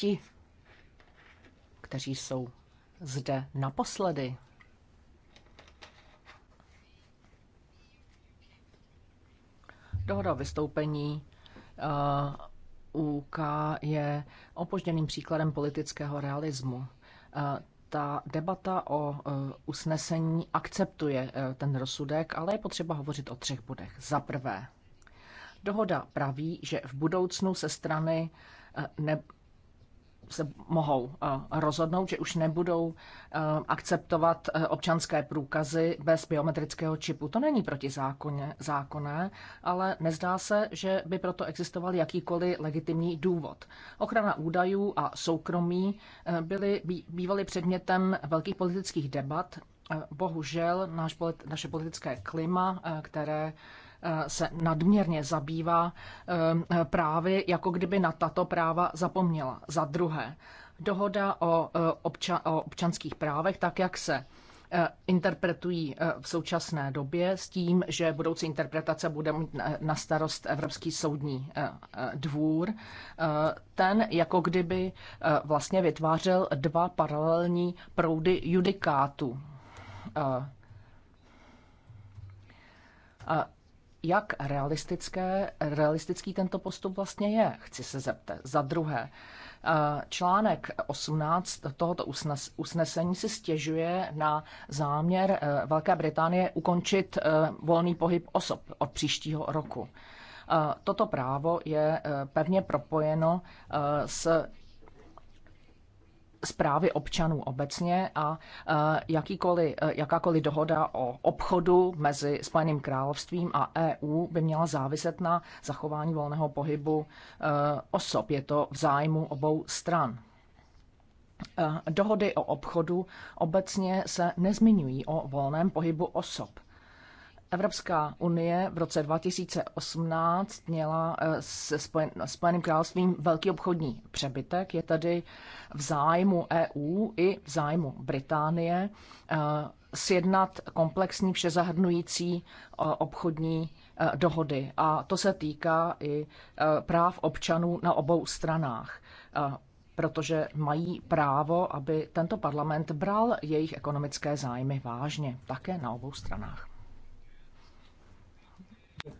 ti, kteří jsou zde naposledy. Dohoda o vystoupení uh, eh, UK je opožděným příkladem politického realismu. Uh, ta debata o uh, usnesení akceptuje uh, ten rozsudek, ale je potřeba hovořit o třech bodech. Za prvé, dohoda praví, že v budoucnu se strany ne, se mohou eh, rozhodnout, že už nebudou eh, akceptovat eh, občanské průkazy bez biometrického čipu. To není proti zákoně, zákonné, ale nezdá se, že by proto existoval jakýkoliv legitimní důvod. Ochrana údajů a soukromí byly, bývaly předmětem velkých politických debat. Bohužel naš, naše politické klima, které Eh, se nadměrně zabývá eh, právy, jako kdyby na tato práva zapomněla. Za druhé, dohoda o, eh, obča- o občanských právech, tak jak se interpretují v současné době s tím, že budoucí interpretace bude mít na starost Evropský soudní dvůr. Ten jako kdyby vlastně vytvářel dva paralelní proudy judikátu jak realistické, realistický tento postup vlastně je, chci se zeptat. Za druhé, eh, článek 18 tohoto usnesení si stěžuje na záměr eh, Velké Británie ukončit eh, volný pohyb osob od příštího roku. Toto právo je pevně propojeno s zprávy občanů obecně a e, jakýkoliv, e, jakákoliv dohoda o obchodu mezi Spojeným královstvím a EU by měla záviset na zachování volného pohybu e, osob. Je to v zájmu obou stran. Dohody o obchodu obecně se nezmiňují o volném pohybu osob. Evropská unie v roce 2018 měla eh, se Spojeným královstvím velký obchodní přebytek. Je tady v zájmu EU i v zájmu Británie eh, sjednat komplexní všezahrnující eh, obchodní dohody. A to se týká i práv občanů na obou stranách protože mají právo, aby tento parlament bral jejich ekonomické zájmy vážně, také na obou stranách.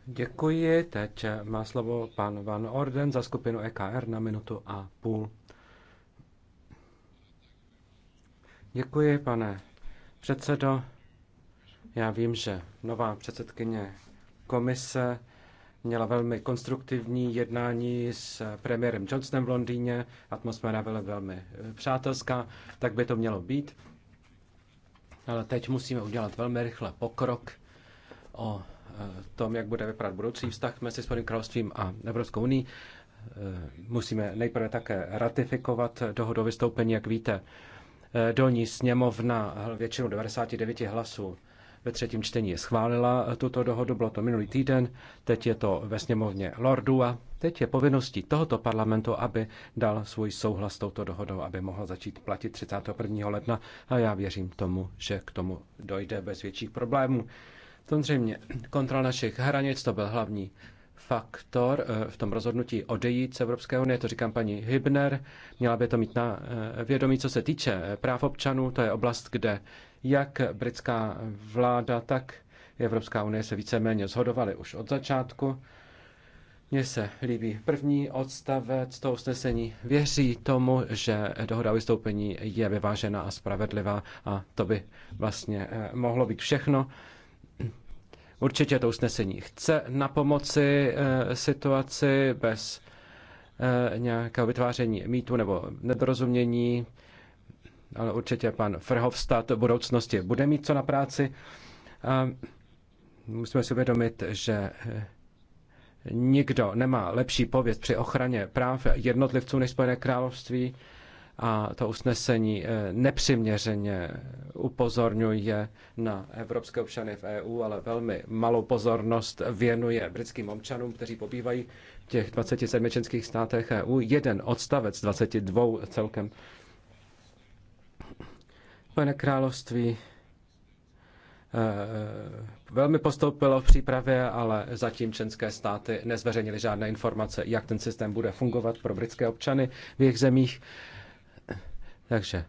Děkuji. Teď má slovo pan Van Orden za skupinu EKR na minutu a půl. Děkuji, pane předsedo. Já vím, že nová předsedkyně komise měla velmi konstruktivní jednání s premiérem Johnsonem v Londýně. Atmosféra byla velmi eh, přátelská, tak by to mělo být. Ale teď musíme udělat velmi rychle pokrok o tom, jak bude vypadat budoucí vztah mezi Spojeným královstvím a Evropskou unii. Eh, musíme nejprve také ratifikovat dohodu o vystoupení, jak víte. Eh, dolní sněmovna většinu 99 hlasů ve třetím čtení schválila tuto dohodu, bylo to minulý týden, teď je to ve sněmovně Lordů a teď je povinností tohoto parlamentu, aby dal svůj souhlas s touto dohodou, aby mohl začít platit 31. ledna a já věřím tomu, že k tomu dojde bez větších problémů. Samozřejmě kontrola našich hranic to byl hlavní faktor eh, v tom rozhodnutí odejít z Evropské unie, to říkám paní Hybner, měla by to mít na eh, vědomí, co se týče eh, práv občanů, to je oblast, kde jak britská vláda, tak Evropská unie se víceméně zhodovaly už od začátku. Mně se líbí první odstavec toho usnesení. Věří tomu, že dohoda o vystoupení je vyvážená a spravedlivá a to by vlastně mohlo být všechno. Určitě to usnesení chce na pomoci eh, situaci bez eh, nějakého vytváření mýtu nebo nedorozumění, ale určitě pan Frhovstad v budoucnosti bude mít co na práci. A musíme si uvědomit, že eh, nikdo nemá lepší pověst při ochraně práv jednotlivců než Spojené království a to usnesení eh, nepřiměřeně upozorňuje na evropské občany v EU, ale velmi malou pozornost věnuje britským občanům, kteří pobývají v těch 27 členských státech EU. Jeden odstavec 22 celkem. Pane království eh, eh, velmi postoupilo v přípravě, ale zatím členské státy nezveřejnily žádné informace, jak ten systém bude fungovat pro britské občany v jejich zemích. Takže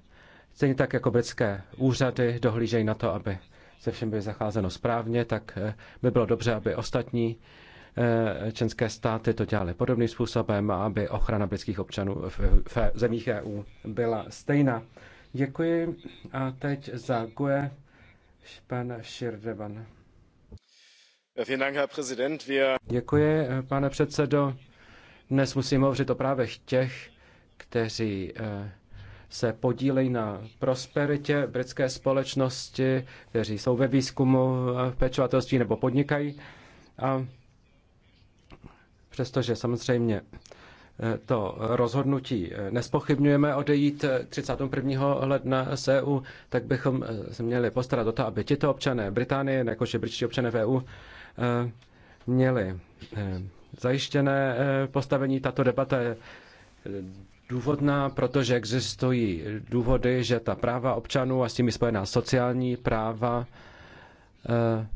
stejně tak jako britské úřady dohlížejí na to, aby se všem by zacházeno správně, tak eh, by bylo dobře, aby ostatní eh, členské státy to dělaly podobným způsobem a aby ochrana britských občanů v, zemích EU byla stejná. Děkuji a teď za GUE pan Širdevan. Děkuji, eh, pane předsedo. Dnes musím hovořit o právech těch, kteří se podílejí na prosperitě britské společnosti, kteří jsou ve výzkumu v pečovatelství nebo podnikají. A přestože samozřejmě eh, to rozhodnutí eh, nespochybňujeme odejít 31. Eh, ledna z EU, tak bychom se měli postarat o to, aby tito občané Británie, jakože britští občané v EU, měli zajištěné postavení. Tato debata je důvodná, protože existují důvody, že ta práva občanů a s tím spojená sociální práva eh,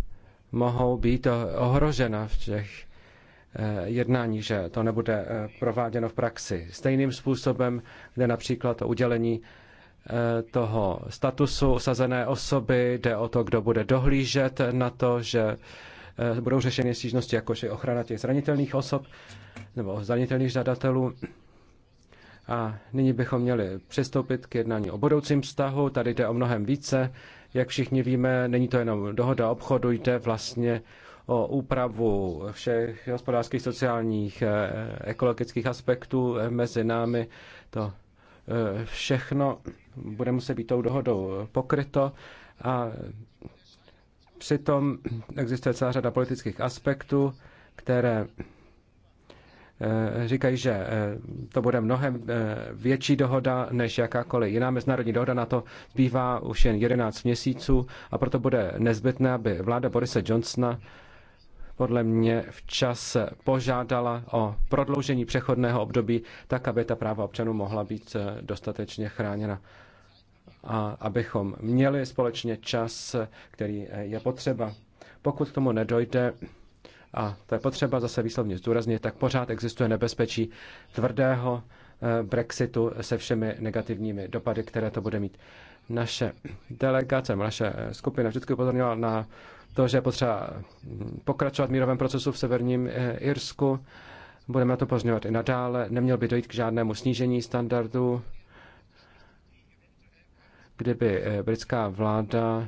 mohou být ohrožena v těch eh, jednání, že to nebude eh, prováděno v praxi. Stejným způsobem, kde například o udělení eh, toho statusu osazené osoby, jde o to, kdo bude dohlížet na to, že budou řešeny stížnosti, jakož je ochrana těch zranitelných osob nebo zranitelných žadatelů. A nyní bychom měli přistoupit k jednání o budoucím vztahu. Tady jde o mnohem více. Jak všichni víme, není to jenom dohoda obchodu, jde vlastně o úpravu všech hospodářských, sociálních, eh, ekologických aspektů eh, mezi námi. To eh, všechno bude muset být tou dohodou pokryto a přitom existuje celá řada politických aspektů, které Eh, říkají, že eh, to bude mnohem eh, větší dohoda než jakákoliv jiná mezinárodní dohoda. Na to bývá už jen 11 měsíců a proto bude nezbytné, aby vláda Borise Johnsona podle mě včas požádala o prodloužení přechodného období, tak aby ta práva občanů mohla být dostatečně chráněna. A abychom měli společně čas, který je potřeba. Pokud k tomu nedojde, a to je potřeba zase výslovně zdůraznit, tak pořád existuje nebezpečí tvrdého eh, Brexitu se všemi negativními dopady, které to bude mít. Naše delegace, naše skupina vždycky upozorňovala na to, že je potřeba hm, pokračovat v mírovém procesu v severním eh, Irsku. Budeme to pozňovat i nadále. Neměl by dojít k žádnému snížení standardů, kdyby eh, britská vláda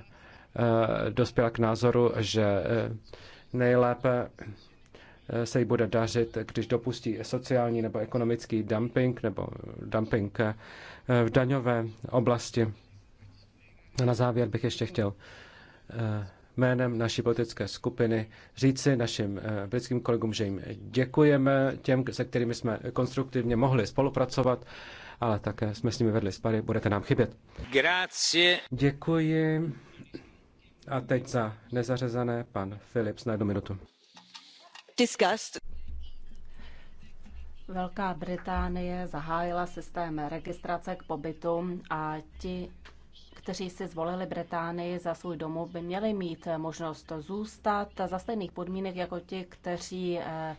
dospěla k názoru, že Nejlépe eh, se jí bude dařit, když dopustí sociální nebo ekonomický dumping nebo dumping eh, v daňové oblasti. A na závěr bych ještě chtěl eh, jménem naší politické skupiny říci našim britským kolegům, že jim děkujeme těm, se kterými jsme konstruktivně mohli spolupracovat, ale také jsme s nimi vedli spary, budete nám chybět. Grazie. Děkuji. A teď za nezařazené pan Philips na jednu minutu. Disgust. Velká Británie zahájila systém registrace k pobytu a ti, kteří si zvolili Británii za svůj domov, by měli mít možnost zůstat za stejných podmínek jako ti, kteří eh,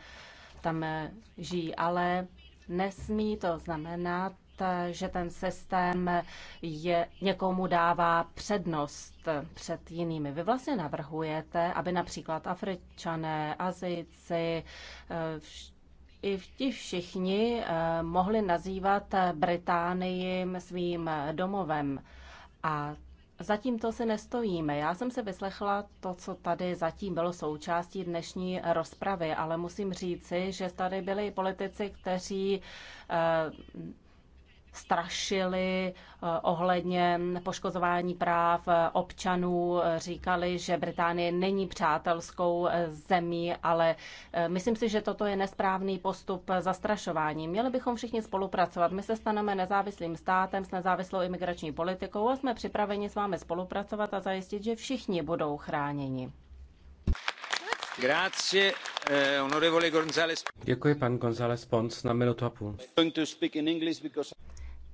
tam eh, žijí. Ale nesmí to znamenat, že ten systém je, někomu dává přednost před jinými. Vy vlastně navrhujete, aby například Afričané, Azijci, eh, i ti všichni eh, mohli nazývat Británii svým domovem. A Zatím to si nestojíme. Já jsem se vyslechla to, co tady zatím bylo součástí dnešní rozpravy, ale musím říci, že tady byli politici, kteří eh, strašili eh, ohledně poškozování práv eh, občanů, eh, říkali, že Británie není přátelskou zemí, ale myslím si, že toto je nesprávný postup zastrašování. Měli bychom všichni spolupracovat. My se staneme nezávislým státem s nezávislou imigrační politikou a jsme připraveni s vámi spolupracovat a zajistit, že všichni budou chráněni. Grazie. Děkuji, pan González Pons, na minutu a půl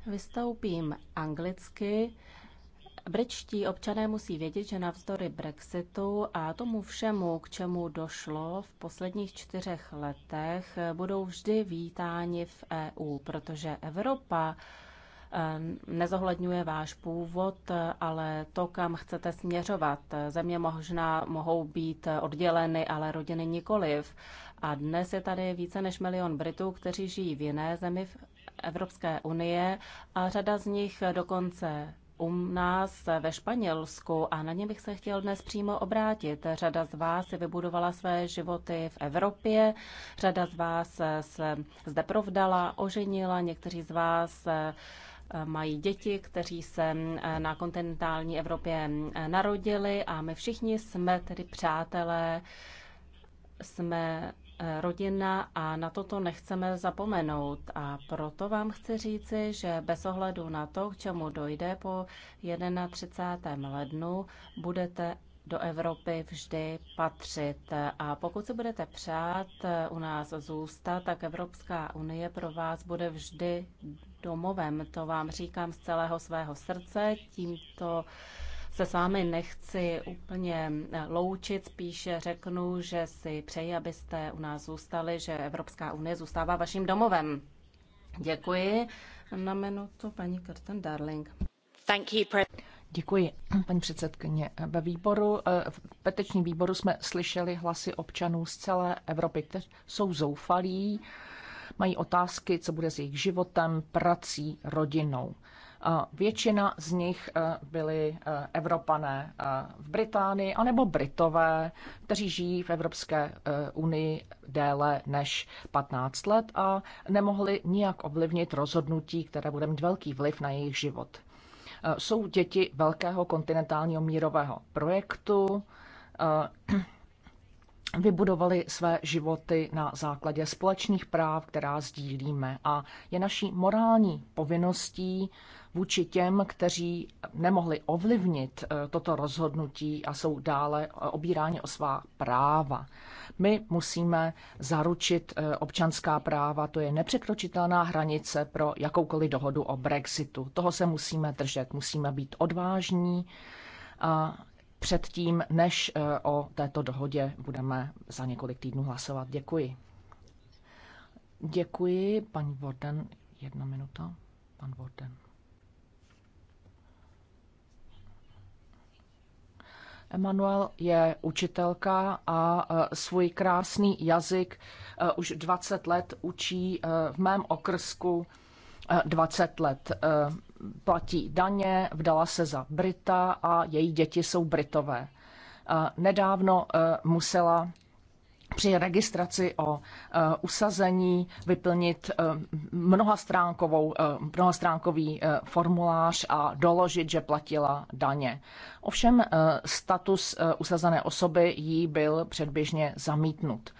vystoupím anglicky. Britští občané musí vědět, že navzdory Brexitu a tomu všemu, k čemu došlo v posledních čtyřech letech, budou vždy vítáni v EU, protože Evropa eh, nezohledňuje váš původ, ale to, kam chcete směřovat. Země možná mohou být odděleny, ale rodiny nikoliv. A dnes je tady více než milion Britů, kteří žijí v jiné zemi v Evropské unie a řada z nich dokonce u nás ve Španělsku a na ně bych se chtěl dnes přímo obrátit. Řada z vás si vybudovala své životy v Evropě, řada z vás se zde provdala, oženila, někteří z vás mají děti, kteří se na kontinentální Evropě narodili a my všichni jsme tedy přátelé, jsme rodina a na toto nechceme zapomenout. A proto vám chci říci, že bez ohledu na to, k čemu dojde po 31. lednu, budete do Evropy vždy patřit. A pokud se budete přát u nás zůstat, tak Evropská unie pro vás bude vždy domovem. To vám říkám z celého svého srdce. Tímto uh, se s vámi nechci úplně loučit, spíše řeknu, že si přeji, abyste u nás zůstali, že Evropská unie zůstává vaším domovem. Děkuji. Na minutu paní Kirsten Darling. Thank you, Děkuji, paní předsedkyně. Ve výboru, eh, v petečním výboru jsme slyšeli hlasy občanů z celé Evropy, kteří jsou zoufalí, mají otázky, co bude s jejich životem, prací, rodinou. Většina z nich eh, byli eh, Evropané eh, v Británii, anebo Britové, kteří žijí v Evropské unii déle než 15 let a nemohli nijak ovlivnit rozhodnutí, které bude mít velký vliv na jejich život. Jsou děti velkého kontinentálního mírového projektu, vybudovali své životy na základě společných práv, která sdílíme. A je naší morální povinností vůči těm, kteří nemohli ovlivnit eh, toto rozhodnutí a jsou dále eh, obíráni o svá práva. My musíme zaručit eh, občanská práva, to je nepřekročitelná hranice pro jakoukoliv dohodu o Brexitu. Toho se musíme držet, musíme být odvážní a předtím, než o této dohodě budeme za několik týdnů hlasovat. Děkuji. Děkuji, paní Vorden. Jedna minuta, pan Vorden. Emanuel je učitelka a e, svůj krásný jazyk e, už 20 let učí e, v mém okrsku 20 let. Platí daně, vdala se za Brita a její děti jsou Britové. Nedávno musela při registraci o uh, usazení vyplnit uh, mnohastránkovou, uh, mnohastránkový uh, formulář a doložit, že platila daně. Ovšem uh, status uh, usazené osoby jí byl předběžně zamítnut.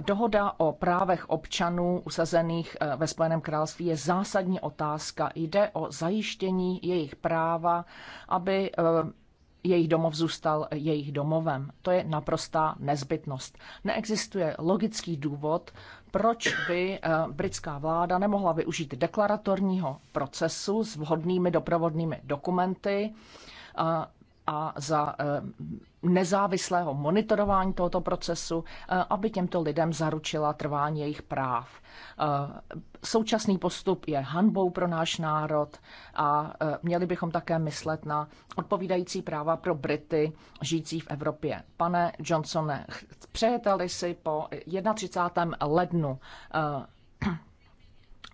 Dohoda o právech občanů usazených ve Spojeném království je zásadní otázka. Jde o zajištění jejich práva, aby jejich domov zůstal jejich domovem. To je naprostá nezbytnost. Neexistuje logický důvod, proč by eh, britská vláda nemohla využít deklaratorního procesu s vhodnými doprovodnými dokumenty eh, a za eh, nezávislého monitorování tohoto procesu, eh, aby těmto lidem zaručila trvání jejich práv. Eh, současný postup je hanbou pro náš národ a měli bychom také myslet na odpovídající práva pro Brity žijící v Evropě. Pane Johnsone, přejete-li si po 31. lednu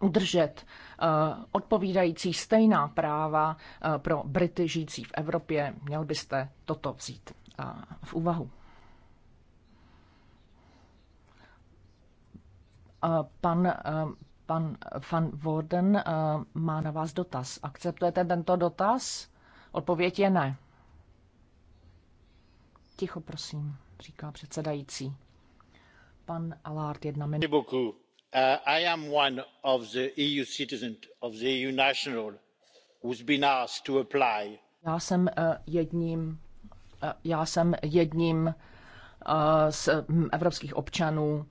udržet eh, odpovídající stejná práva eh, pro Brity žijící v Evropě, měl byste toto vzít eh, v úvahu. Pan, pan Van Worden má na vás dotaz. Akceptujete tento dotaz? Odpověď je ne. Ticho, prosím, říká předsedající. Pan Alard, jedna minuta. Uh, i am one of the eu citizens of the eu national who's been asked to apply. já jsem uh, jedním uh, já jsem jedním z mm, evropských občanů,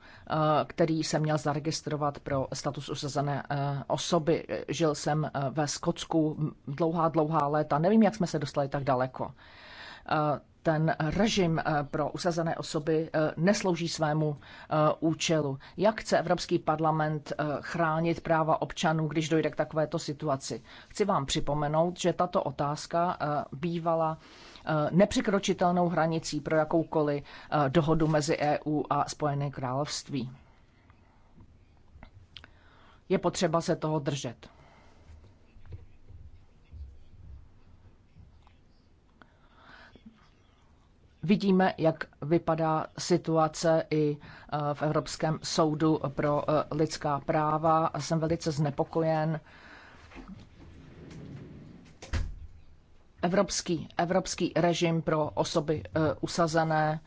který se měl zaregistrovat pro status usazené osoby. Žil jsem ve Skotsku dlouhá, dlouhá léta. Nevím, jak jsme se dostali tak daleko ten režim eh, pro usazené osoby eh, neslouží svému eh, účelu. Jak chce Evropský parlament chránit práva občanů, když dojde k takovéto situaci? Chci vám připomenout, že tato otázka bývala nepřekročitelnou hranicí pro jakoukoliv dohodu mezi EU a Spojené království. Je potřeba se toho držet. Vidíme, jak vypadá situace i e, v Evropském soudu pro e, lidská práva a jsem velice znepokojen. Evropský, evropský režim pro osoby e, usazené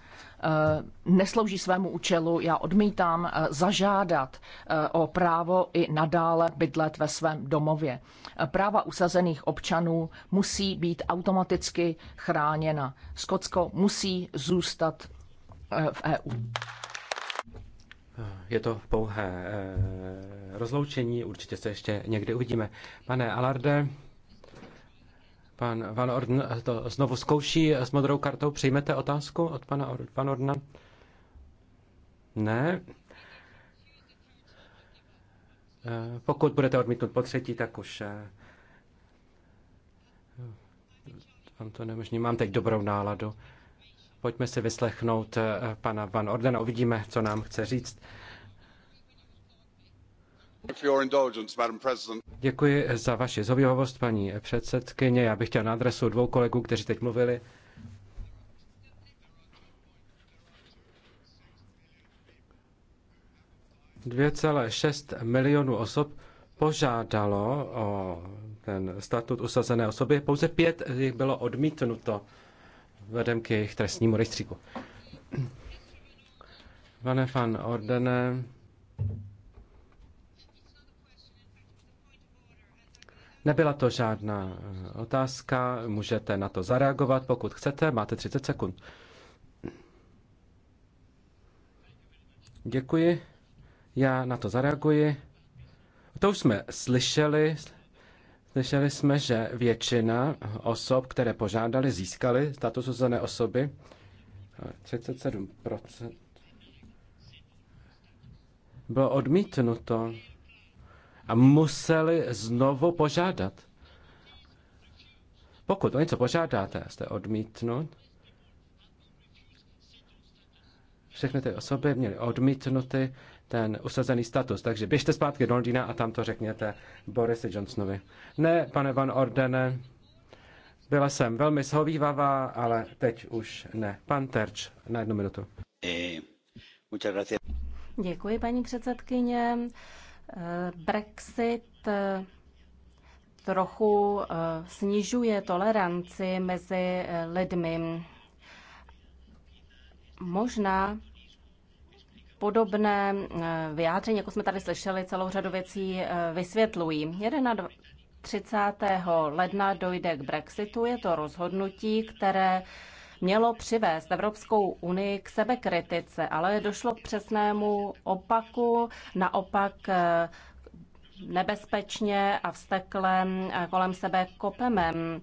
Eh, neslouží svému účelu. Já odmítám eh, zažádat eh, o právo i nadále bydlet ve svém domově. Práva usazených občanů musí být automaticky chráněna. Skotsko musí zůstat v EU. Je to pouhé rozloučení, určitě se ještě někdy uvidíme. Pane Alarde, Pan Van Orden to znovu zkouší s modrou kartou. Přijmete otázku od pana Van Ordna? Ne. Eh, pokud budete odmítnout po třetí, tak už eh, vám to nemožní. Mám teď dobrou náladu. Pojďme si vyslechnout eh, pana Van Ordena. Uvidíme, co nám chce říct. Děkuji za vaši zhovývavost, paní předsedkyně. Já bych chtěl na adresu dvou kolegů, kteří teď mluvili, šest milionů osob požádalo o ten statut usazené osoby. Pouze pět z nich bylo odmítnuto vedem k jejich trestnímu rejstříku. Pane fan Ordene, Nebyla to žádná eh, otázka, můžete na to zareagovat, pokud chcete, máte 30 sekund. Děkuji, já na to zareaguji. To už jsme slyšeli, slyšeli jsme, že většina osob, které požádali, získali status uznané osoby. 37% bylo odmítnuto a museli znovu požádat. Pokud o něco požádáte, jste odmítnut, všechny ty osoby měly odmítnuty ten usazený status. Takže běžte zpátky do Londýna a tam to řekněte Borisi Johnsonovi. Ne, pane Van Ordene, byla jsem velmi shovívavá, ale teď už ne. Pan Terč, na jednu minutu. Eh, Děkuji, paní předsedkyně. Brexit eh, trochu eh, snižuje toleranci mezi eh, lidmi. Možná podobné vyjádření, jako jsme tady slyšeli, celou řadu věcí vysvětlují. 31. ledna dojde k Brexitu, je to rozhodnutí, které mělo přivést Evropskou unii k sebekritice, ale došlo k přesnému opaku. Naopak eh, nebezpečně a vztekle eh, kolem sebe kopemem.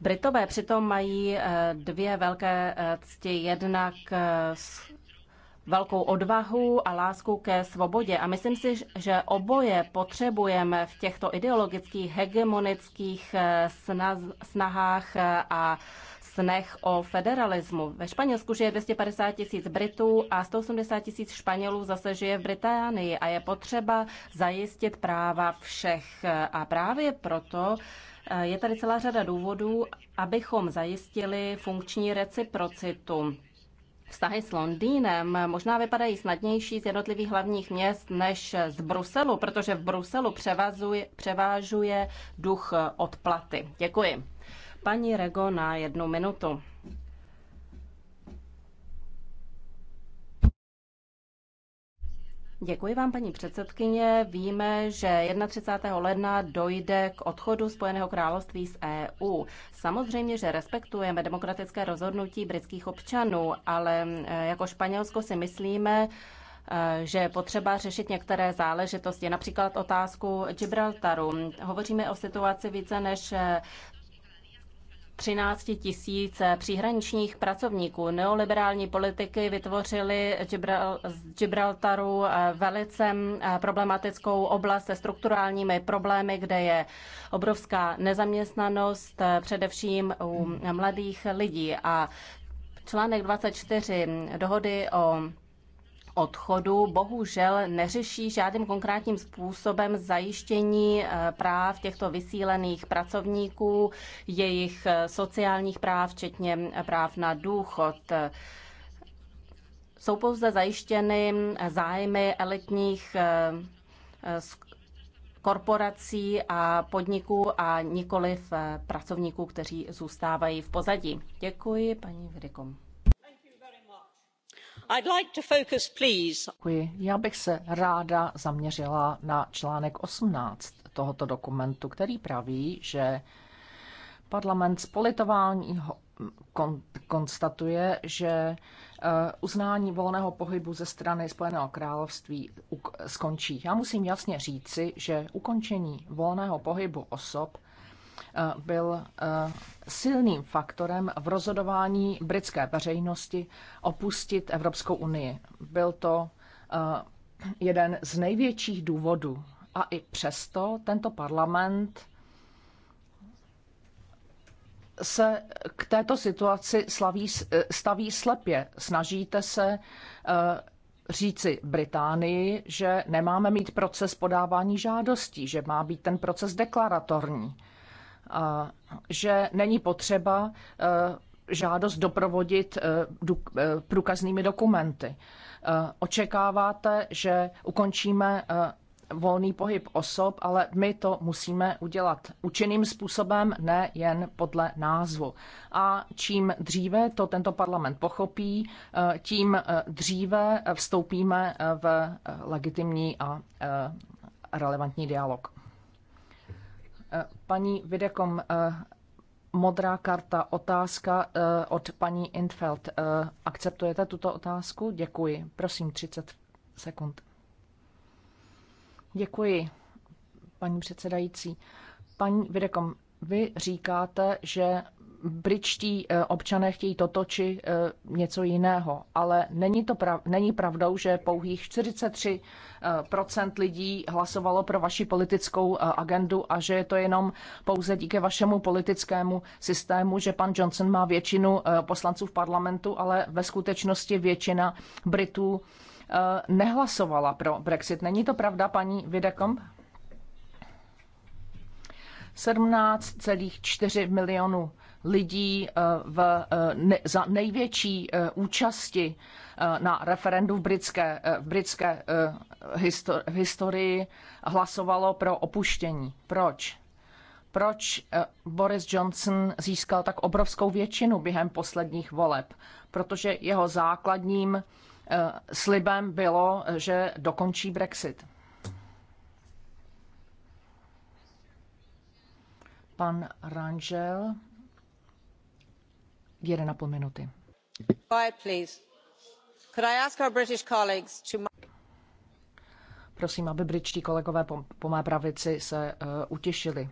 Britové přitom mají eh, dvě velké cti. Jednak velkou odvahu a lásku ke svobodě. A myslím si, že oboje potřebujeme v těchto ideologických, hegemonických snaz, snahách a snech o federalismu. Ve Španělsku žije 250 tisíc Britů a 180 tisíc Španělů zase žije v Británii a je potřeba zajistit práva všech. A právě proto eh, je tady celá řada důvodů, abychom zajistili funkční reciprocitu. Vztahy s Londýnem možná vypadají snadnější z jednotlivých hlavních měst než z Bruselu, protože v Bruselu převážuje duch odplaty. Děkuji. Paní Rego na jednu minutu. Děkuji vám, paní předsedkyně. Víme, že 31. ledna dojde k odchodu Spojeného království z EU. Samozřejmě, že respektujeme demokratické rozhodnutí britských občanů, ale eh, jako Španělsko si myslíme, eh, že je potřeba řešit některé záležitosti, například otázku Gibraltaru. Hovoříme o situaci více než 13 tisíc příhraničních pracovníků. Neoliberální politiky vytvořily z Gibraltaru eh, velice eh, problematickou oblast se strukturálními problémy, kde je obrovská nezaměstnanost, eh, především u mladých lidí. A článek 24 dohody o odchodu bohužel neřeší žádným konkrétním způsobem zajištění eh, práv těchto vysílených pracovníků, jejich eh, sociálních práv, včetně eh, práv na důchod jsou pouze zajištěny zájmy elitních korporací a podniků a nikoliv pracovníků, kteří zůstávají v pozadí. Děkuji, paní Vydikom. Já bych se ráda zaměřila na článek 18 tohoto dokumentu, který praví, že parlament z politování kon, konstatuje, že eh, uznání volného pohybu ze strany Spojeného království skončí. Já musím jasně říci, že ukončení volného pohybu osob Eh, byl eh, silným faktorem v rozhodování britské veřejnosti opustit Evropskou unii. Byl to eh, jeden z největších důvodů. A i přesto tento parlament se k této situaci slaví, staví slepě. Snažíte se říci Británii, že nemáme mít proces podávání žádostí, že má být ten proces deklaratorní že není potřeba e, žádost doprovodit e, e, průkaznými dokumenty. Očekáváte, že ukončíme volný pohyb osob, ale my to musíme udělat účinným způsobem, ne jen podle názvu. A čím dříve to tento parlament pochopí, tím dříve vstoupíme v legitimní a relevantní dialog. Eh, paní Videkom, eh, modrá karta, otázka eh, od paní Infeld. Akceptujete tuto otázku? Děkuji. Prosím, 30 sekund. Děkuji, paní předsedající. Paní Videkom, vy říkáte, že britští eh, občané chtějí toto či eh, něco jiného, ale není, to prav, není pravdou, že pouhých 43 eh, lidí hlasovalo pro vaši politickou agendu a že je to jenom pouze díky vašemu politickému systému, že pan Johnson má většinu poslanců v parlamentu, ale ve skutečnosti většina Britů nehlasovala pro Brexit. Není to pravda, paní Videkom? 17,4 milionů lidí eh, v, eh, ne, za největší eh, účasti na referendu v britské, v britské histori- v historii hlasovalo pro opuštění. Proč? Proč Boris Johnson získal tak obrovskou většinu během posledních voleb? Protože jeho základním slibem bylo, že dokončí Brexit. Pan Rangel. 1,5 minuty. Prosím, aby britští kolegové po, mé pravici se uh, eh, utěšili.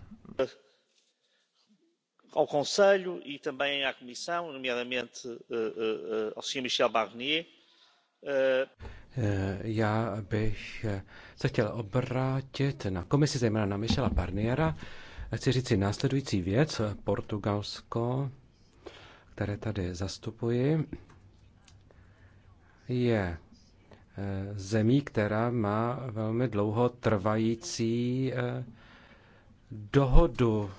Ao Conselho e também à Comissão, nomeadamente eh, eh, ao Michel Barnier, já bych se chtěl obrátit na komisi, zejména na Michela Barniera. Chci říct si následující věc. Portugalsko které tady zastupuji, je e, zemí, která má velmi dlouho trvající e, dohodu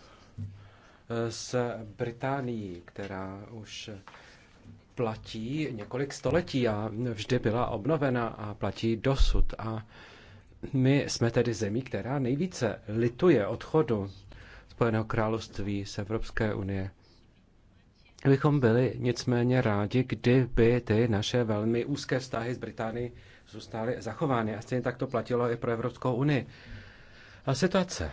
e, s Británií, která už platí několik století a vždy byla obnovena a platí dosud. A my jsme tedy zemí, která nejvíce lituje odchodu Spojeného království z Evropské unie bychom byli nicméně rádi, kdyby ty naše velmi úzké vztahy s Británií zůstaly zachovány. A stejně tak to platilo i pro Evropskou unii. A situace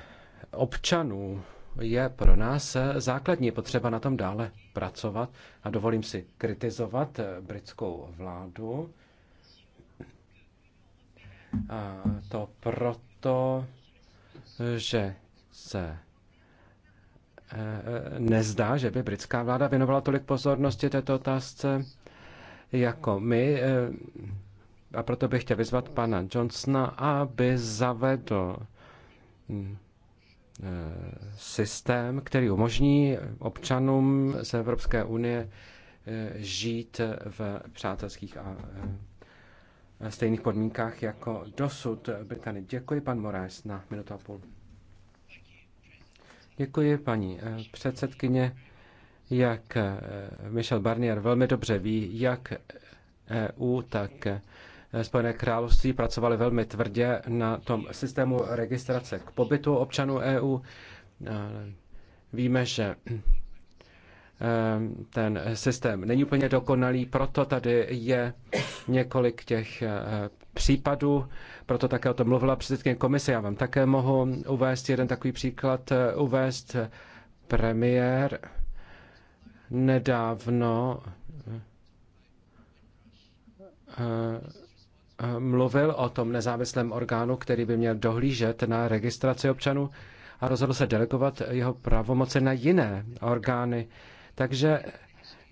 občanů je pro nás základní potřeba na tom dále pracovat a dovolím si kritizovat britskou vládu. A to proto, že se nezdá, že by britská vláda věnovala tolik pozornosti této otázce jako my. Eh, a proto bych chtěl vyzvat pana Johnsona, aby zavedl hm, eh, systém, který umožní občanům z Evropské unie eh, žít v přátelských a stejných podmínkách jako dosud. Britany, děkuji, pan Moraes, na minutu a půl. Děkuji, paní eh, předsedkyně. Jak eh, Michel Barnier velmi dobře ví, jak EU, tak eh, Spojené království pracovali velmi tvrdě na tom systému registrace k pobytu občanů EU. Víme, že ten systém není úplně dokonalý, proto tady je několik těch případů, proto také o tom mluvila předsedkyně komise. Já vám také mohu uvést jeden takový příklad, eh, uvést premiér nedávno eh, eh, mluvil o tom nezávislém orgánu, který by měl dohlížet na registraci občanů a rozhodl se delegovat jeho pravomoce na jiné orgány. Takže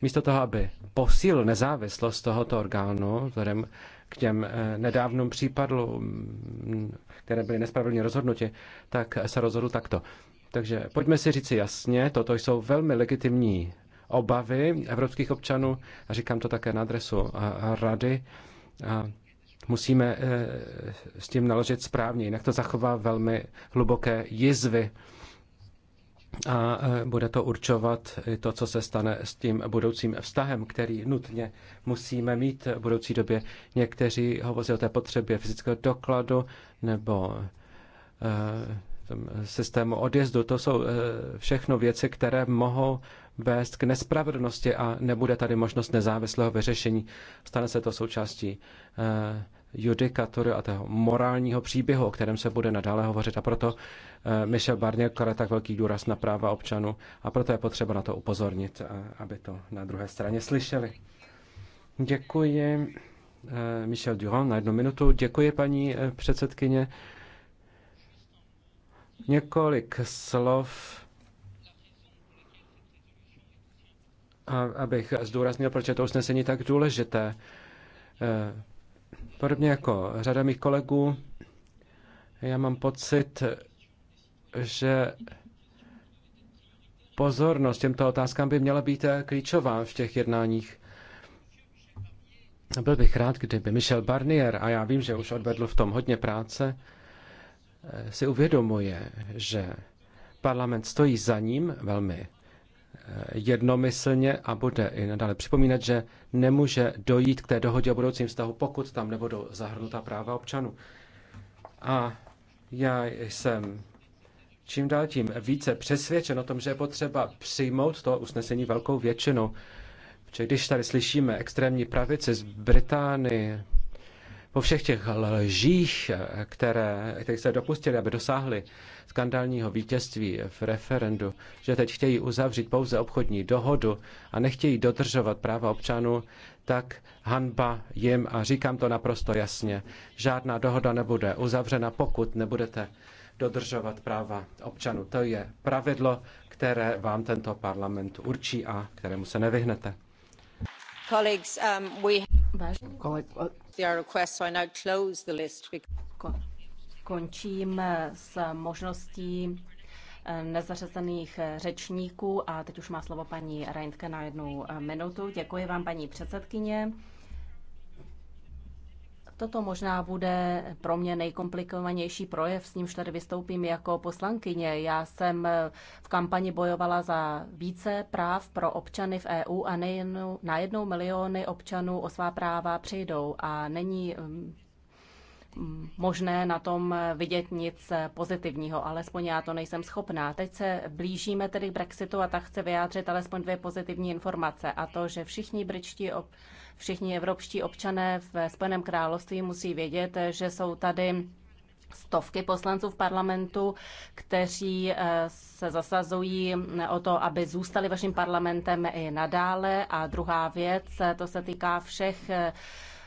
místo toho, aby posílil nezávislost tohoto orgánu, vzhledem k těm eh, nedávným případům, které byly nespravedlně rozhodnutě, tak se rozhodl takto. Takže pojďme si říci jasně, toto jsou velmi legitimní obavy evropských občanů a říkám to také na adresu eh, rady. A musíme eh, s tím naložit správně, jinak to zachová velmi hluboké jizvy a e, bude to určovat to, co se stane s tím budoucím vztahem, který nutně musíme mít v budoucí době. Někteří hovoří o té potřebě fyzického dokladu nebo e, systému odjezdu. To jsou e, všechno věci, které mohou vést k nespravedlnosti a nebude tady možnost nezávislého vyřešení. Stane se to součástí judikatury a toho morálního příběhu, o kterém se bude nadále hovořit. A proto eh, Michel Barnier klade tak velký důraz na práva občanů a proto je potřeba na to upozornit, eh, aby to na druhé straně slyšeli. Děkuji. Eh, Michel Durand na jednu minutu. Děkuji, paní předsedkyně. Několik slov, abych zdůraznil, proč je to usnesení tak důležité Podobně jako řada mých kolegů, já mám pocit, že pozornost těmto otázkám by měla být klíčová v těch jednáních. Byl bych rád, kdyby Michel Barnier, a já vím, že už odvedl v tom hodně práce, si uvědomuje, že parlament stojí za ním velmi jednomyslně a bude i nadále připomínat, že nemůže dojít k té dohodě o budoucím vztahu, pokud tam nebudou zahrnuta práva občanů. A já jsem čím dál tím více přesvědčen o tom, že je potřeba přijmout to usnesení velkou většinou. Protože když tady slyšíme extrémní pravici z Británie, po všech těch lžích, které, které se dopustili, aby dosáhli skandálního vítězství v referendu, že teď chtějí uzavřít pouze obchodní dohodu a nechtějí dodržovat práva občanů, tak hanba jim, a říkám to naprosto jasně, žádná dohoda nebude uzavřena, pokud nebudete dodržovat práva občanů. To je pravidlo, které vám tento parlament určí a kterému se nevyhnete. Um, Vážení kolegové, Končím eh, s možností eh, nezařazených eh, řečníků a teď už má slovo paní Reintke na jednu minutu. Děkuji vám, paní předsedkyně. Toto možná bude pro mě nejkomplikovanější projev, s nímž tady vystoupím jako poslankyně. Já jsem v kampani bojovala za více práv pro občany v EU a nejen jednou miliony občanů o svá práva přijdou. A není možné na tom vidět nic pozitivního, alespoň já to nejsem schopná. Teď se blížíme tedy k Brexitu a tak chci vyjádřit alespoň dvě pozitivní informace a to, že všichni britští ob... všichni evropští občané v Spojeném království musí vědět, že jsou tady stovky poslanců v parlamentu, kteří eh, se zasazují o to, aby zůstali vaším parlamentem i nadále. A druhá věc, eh, to se týká všech eh,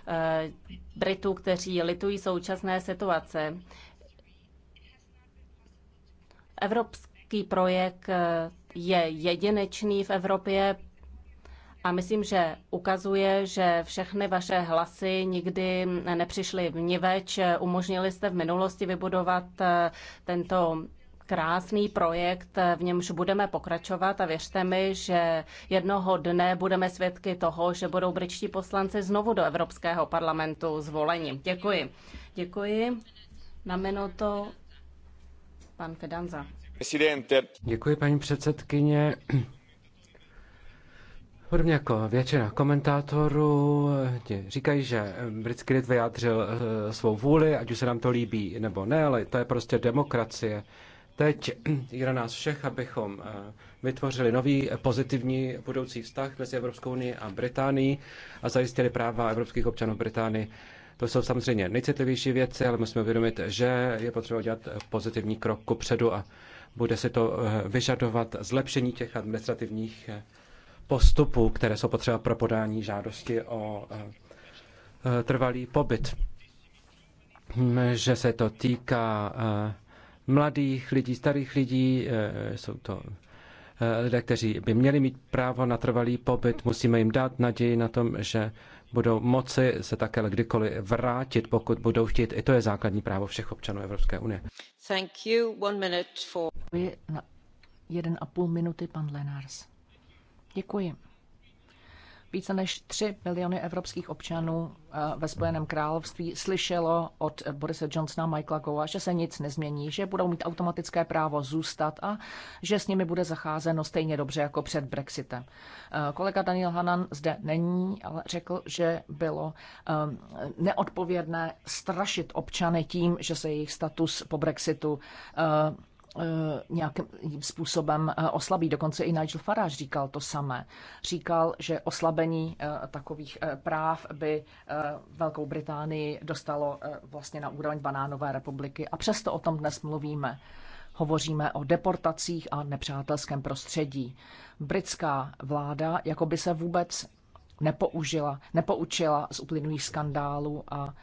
Eh, Britů, kteří litují současné situace. Evropský projekt eh, je jedinečný v Evropě a myslím, že ukazuje, že všechny vaše hlasy nikdy nepřišly v niveč. Umožnili jste v minulosti vybudovat eh, tento krásný projekt, v němž budeme pokračovat a věřte mi, že jednoho dne budeme svědky toho, že budou britští poslanci znovu do Evropského parlamentu zvoleni. Děkuji. Děkuji. Na minuto pan Fedanza. Děkuji, paní předsedkyně. Podobně jako většina komentátorů říkají, že britský lid vyjádřil eh, svou vůli, ať už se nám to líbí nebo ne, ale to je prostě demokracie. Teď je na nás všech, abychom eh, vytvořili nový eh, pozitivní budoucí vztah mezi Evropskou unii a Británií a zajistili práva evropských občanů v Británii. To jsou samozřejmě nejcitlivější věci, ale musíme uvědomit, že je potřeba udělat eh, pozitivní krok ku předu a bude si to vyžadovat zlepšení těch administrativních postupů, které jsou potřeba pro podání žádosti o trvalý pobyt. Hm, že se to týká mladých lidí, starých lidí, eh, jsou to eh, lidé, kteří by měli mít právo na trvalý pobyt, musíme jim dát naději na tom, že budou moci se také kdykoliv vrátit, pokud budou chtít. I to je základní právo všech občanů Evropské unie. Thank you. One minute for... Děkuji. Jeden a půl minuty, pan Lenars. Děkuji. Více než 3 miliony evropských občanů eh, ve Spojeném království slyšelo od Borise Johnsona a Michaela Goa, že se nic nezmění, že budou mít automatické právo zůstat a že s nimi bude zacházeno stejně dobře jako před Brexitem. Eh, kolega Daniel Hanan zde není, ale řekl, že bylo eh, neodpovědné strašit občany tím, že se jejich status po Brexitu Eh, nějakým způsobem eh, oslabí. Dokonce i Nigel Farage říkal to samé. Říkal, že oslabení eh, takových práv by Velkou Británii dostalo vlastně na úroveň banánové republiky a přesto o tom dnes mluvíme. Hovoříme o deportacích a nepřátelském prostředí. Britská vláda jako by se vůbec nepoužila, nepoučila z uplynulých skandálů a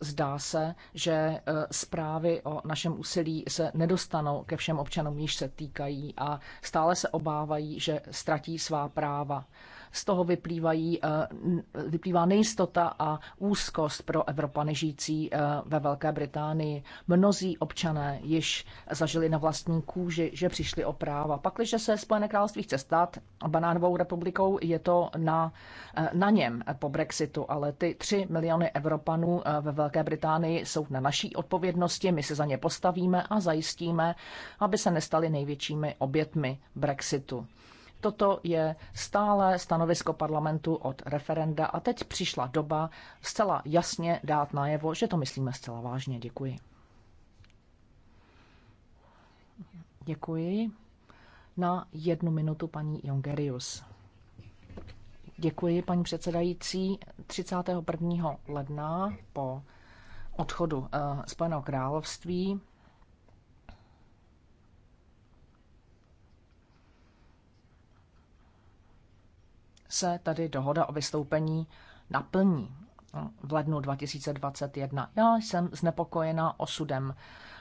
zdá se, že e, zprávy o našem úsilí se nedostanou ke všem občanům, již se týkají a stále se obávají, že ztratí svá práva z toho vyplývají, eh, vyplývá nejistota a úzkost pro Evropany žijící eh, ve Velké Británii. Mnozí občané již zažili na vlastní kůži, že přišli o práva. Pakliže se Spojené království chce stát banánovou republikou, je to na, eh, na něm po Brexitu, ale ty tři miliony Evropanů ve Velké Británii jsou na naší odpovědnosti, my se za ně postavíme a zajistíme, aby se nestali největšími obětmi Brexitu. Toto je stále stanovisko parlamentu od referenda a teď přišla doba zcela jasně dát najevo, že to myslíme zcela vážně. Děkuji. Děkuji. Na jednu minutu paní Jongerius. Děkuji, paní předsedající. 31. ledna po odchodu eh, Spojeného království se tady dohoda o vystoupení naplní no, v lednu 2021. Já jsem znepokojena osudem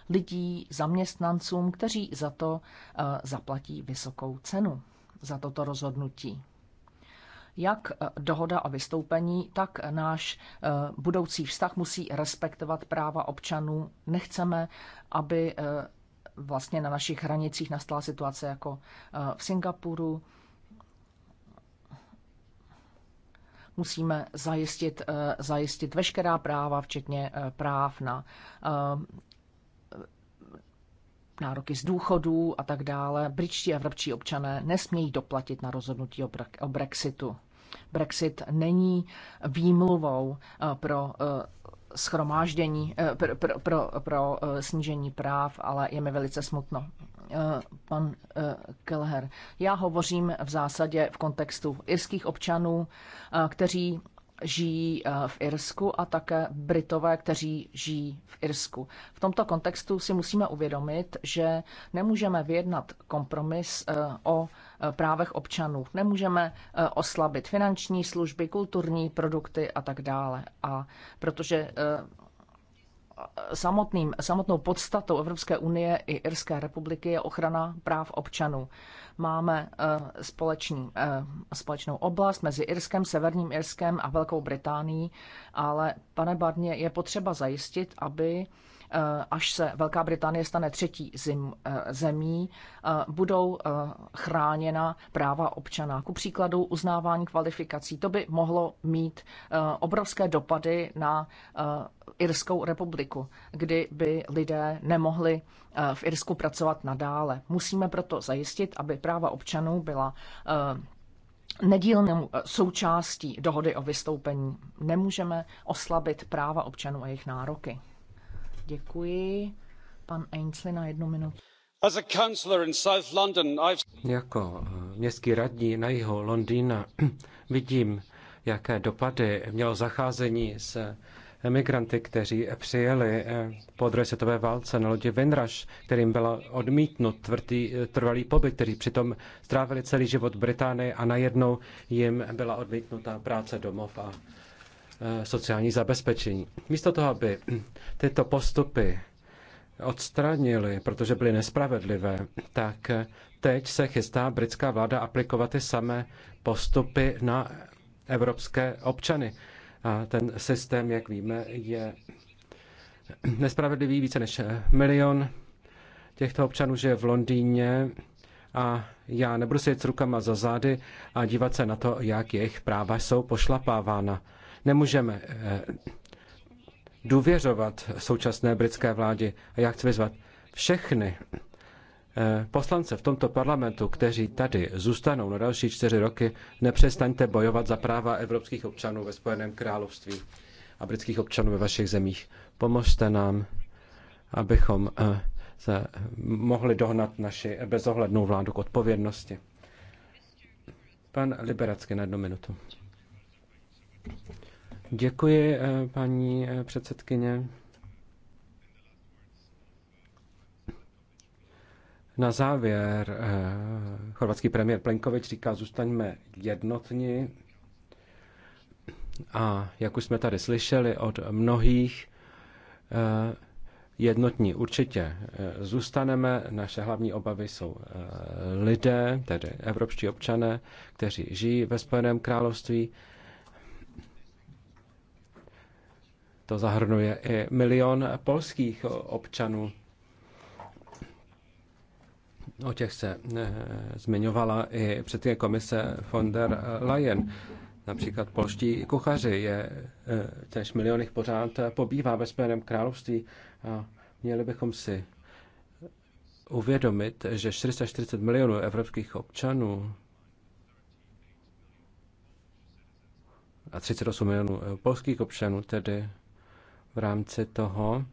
lidí, zaměstnancům, kteří za to eh, zaplatí vysokou cenu, za toto rozhodnutí. Jak eh, dohoda o vystoupení, tak náš eh, budoucí vztah musí respektovat práva občanů. Nechceme, aby vlastně na našich hranicích nastala situace jako v Singapuru, musíme zajistit, eh, zajistit veškerá práva, včetně eh, práv na eh, nároky z důchodů a tak dále. Britští a evropští občané nesmějí doplatit na rozhodnutí o Brexitu. Brexit není výmluvou pro schromáždění, pro, pro, pro, pro snížení práv, ale je mi velice smutno. Eh, pan eh, Kelleher. Já hovořím v zásadě v kontextu irských občanů, eh, kteří žijí v Irsku a také Britové, kteří žijí v Irsku. V tomto kontextu si musíme uvědomit, že nemůžeme vyjednat kompromis o právech občanů. Nemůžeme oslabit finanční služby, kulturní produkty a tak dále. A protože samotným, samotnou podstatou Evropské unie i Irské republiky je ochrana práv občanů. Máme eh, společný, eh, společnou oblast mezi Irskem, Severním Irskem a Velkou Británií, ale pane Barně, je potřeba zajistit, aby Eh, až se Velká Británie stane třetí zim, eh, zemí, eh, budou chráněna práva občana. Ku příkladu uznávání kvalifikací. To by mohlo mít obrovské dopady na Irskou republiku, kdy by lidé nemohli v Irsku pracovat nadále. Musíme proto zajistit, aby práva občanů byla nedílnou součástí dohody o vystoupení. Nemůžeme oslabit práva občanů a jejich nároky. Děkuji. Pan Ainsley na jednu minutu. Jako eh, městský radní na jihu Londýna vidím, jaké dopady mělo zacházení s emigranty, kteří přijeli eh, po druhé světové válce na lodi Vinraš, kterým byl odmítnut tvrdý, eh, trvalý pobyt, kteří přitom strávili celý život v Británii a najednou jim byla odmítnuta práce domov a Eh, sociální zabezpečení. Místo toho, aby tyto postupy odstranili, protože byly nespravedlivé, tak eh, teď se chystá britská vláda aplikovat ty samé postupy na evropské občany. A ten systém, jak víme, je nespravedlivý. Více než eh, milion těchto občanů žije v Londýně a já nebudu jít s rukama za zády a dívat se na to, jak jejich práva jsou pošlapávána. Nemůžeme eh, důvěřovat současné britské vládě. A já chci vyzvat všechny eh, poslance v tomto parlamentu, kteří tady zůstanou na další čtyři roky, nepřestaňte bojovat za práva evropských občanů ve Spojeném království a britských občanů ve vašich zemích. Pomožte nám, abychom eh, se mohli dohnat naši bezohlednou vládu k odpovědnosti. Pan Liberacky na jednu minutu. Děkuji, eh, paní eh, předsedkyně. Na závěr eh, chorvatský premiér Plenkovič říká, zůstaňme jednotní. A jak už jsme tady slyšeli od mnohých, jednotní určitě zůstaneme. Naše hlavní obavy jsou lidé, tedy evropští občané, kteří žijí ve Spojeném království To zahrnuje i milion polských občanů. O těch se eh, zmiňovala i předtím komise von der Leyen. Například polští kuchaři je eh, tež milion jich pořád pobývá ve Spojeném království. A měli bychom si uvědomit, že 440 milionů evropských občanů a 38 milionů polských občanů tedy v rámci toho.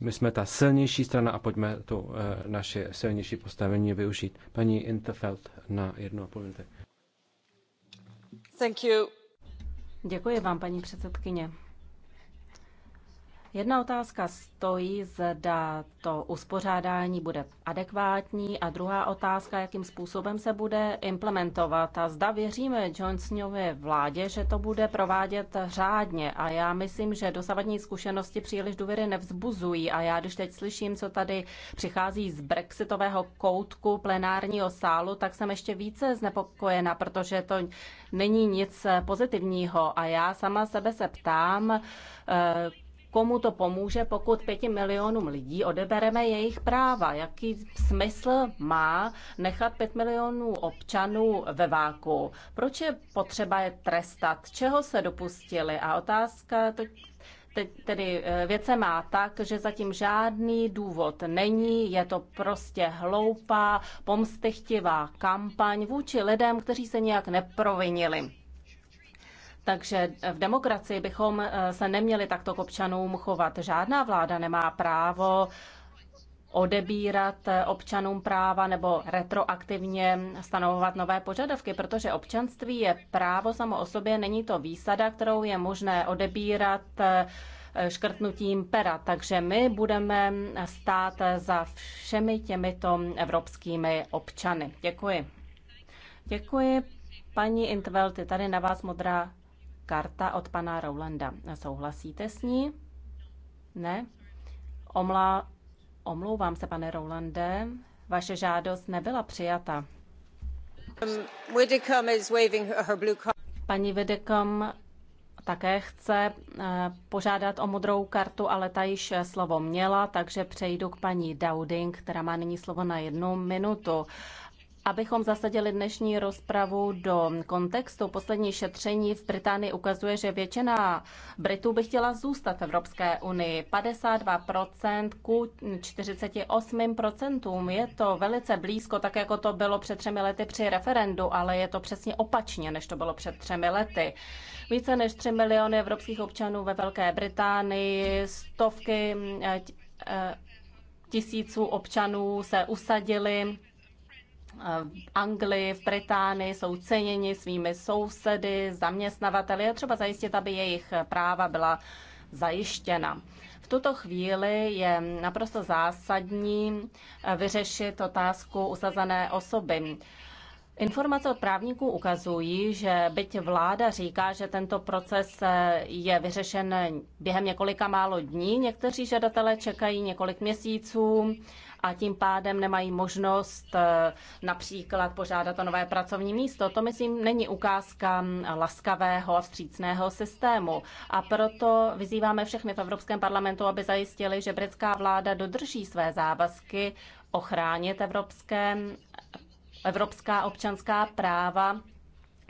My jsme ta silnější strana a pojďme tu eh, naše silnější postavení využít. Paní Interfeld na jednu a půl minuty. Thank you. Děkuji vám, paní předsedkyně. Jedna otázka stojí, zda to uspořádání bude adekvátní a druhá otázka, jakým způsobem se bude implementovat a zda věříme Johnsonově vládě, že to bude provádět řádně a já myslím, že dosavadní zkušenosti příliš důvěry nevzbuzují a já když teď slyším, co tady přichází z brexitového koutku plenárního sálu, tak jsem ještě více znepokojena, protože to není nic pozitivního a já sama sebe se ptám, eh, komu to pomůže, pokud pěti milionům lidí odebereme jejich práva? Jaký smysl má nechat pět milionů občanů ve váku? Proč je potřeba je trestat? Čeho se dopustili? A otázka to tedy eh, věce má tak, že zatím žádný důvod není, je to prostě hloupá, pomstechtivá kampaň vůči lidem, kteří se nějak neprovinili. Takže v demokracii bychom eh, se neměli takto k občanům chovat. Žádná vláda nemá právo odebírat eh, občanům práva nebo retroaktivně stanovovat nové požadavky, protože občanství je právo samo o sobě, není to výsada, kterou je možné odebírat eh, škrtnutím pera. Takže my budeme stát za všemi těmito evropskými občany. Děkuji. Děkuji. Paní Intvelty. tady na vás modrá karta od pana Rowlanda. Souhlasíte s ní? Ne? Omla... Omlouvám se, pane Rowlande. Vaše žádost nebyla přijata. Um, paní Vedekom také chce eh, požádat o modrou kartu, ale ta již eh, slovo měla, takže přejdu k paní Dowding, která má nyní slovo na jednu minutu. Abychom zasadili dnešní rozpravu do kontextu, poslední šetření v Británii ukazuje, že většina Britů by chtěla zůstat v Evropské unii. 52% ku 48%. Je to velice blízko, tak jako to bylo před třemi lety při referendu, ale je to přesně opačně, než to bylo před třemi lety. Více než 3 miliony evropských občanů ve Velké Británii, stovky eh, tisíců občanů se usadili v Anglii, v Británii jsou ceněni svými sousedy, zaměstnavateli. a třeba zajistit, aby jejich práva byla zajištěna. V tuto chvíli je naprosto zásadní eh, vyřešit otázku usazené osoby. Informace od právníků ukazují, že byť vláda říká, že tento proces eh, je vyřešen během několika málo dní, někteří žadatelé čekají několik měsíců, a tím pádem nemají možnost eh, například požádat o nové pracovní místo. To, myslím, není ukázka laskavého a vstřícného systému. A proto vyzýváme všechny v Evropském parlamentu, aby zajistili, že britská vláda dodrží své závazky ochránit evropské, evropská občanská práva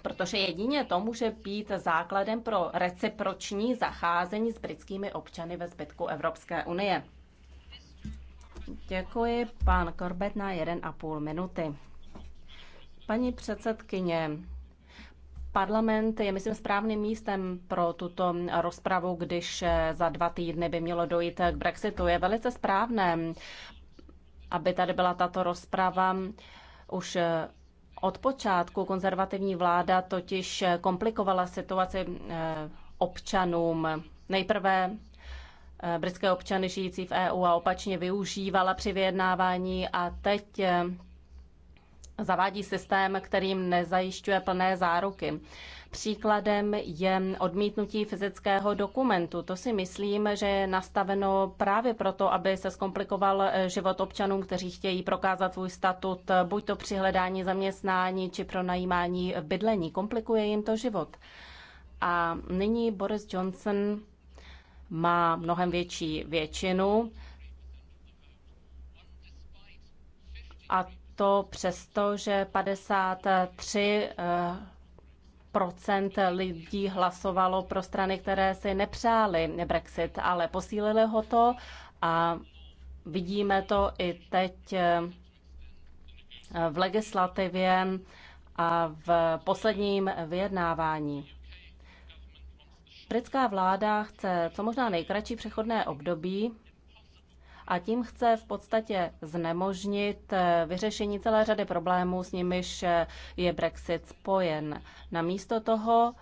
protože jedině to může být základem pro reciproční zacházení s britskými občany ve zbytku Evropské unie. Děkuji, pan Korbet, na 1,5 minuty. Paní předsedkyně, Parlament je, myslím, správným místem pro tuto rozpravu, když eh, za dva týdny by mělo dojít k Brexitu. Je velice správné, aby tady byla tato rozprava už eh, od počátku. Konzervativní vláda totiž eh, komplikovala situaci občanům. Nejprve Eh, britské občany žijící v EU a opačně využívala při vyjednávání a teď eh, zavádí systém, kterým nezajišťuje plné záruky. Příkladem je odmítnutí fyzického dokumentu. To si myslím, že je nastaveno právě proto, aby se zkomplikoval eh, život občanům, kteří chtějí prokázat svůj statut, buď to při hledání zaměstnání či pro najímání bydlení. Komplikuje jim to život. A nyní Boris Johnson má mnohem větší většinu. A to přesto, že 53 eh, procent lidí hlasovalo pro strany, které si nepřáli Brexit, ale posílili ho to a vidíme to i teď eh, v legislativě a v posledním vyjednávání. Britská vláda chce co možná nejkratší přechodné období a tím chce v podstatě znemožnit eh, vyřešení celé řady problémů, s nimiž eh, je Brexit spojen. Namísto toho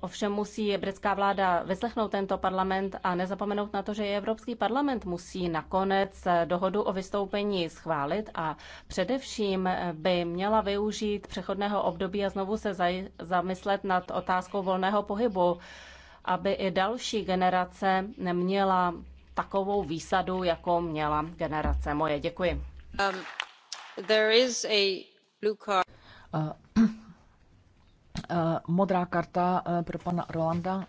Ovšem musí britská vláda vyslechnout tento parlament a nezapomenout na to, že Evropský parlament musí nakonec eh, dohodu o vystoupení schválit a především by měla využít přechodného období a znovu se zamyslet nad otázkou volného pohybu aby i další generace neměla takovou výsadu, jako měla generace moje. Děkuji. Um, there is a blue card. Uh, uh, modrá karta uh, pro pana Rolanda. Uh,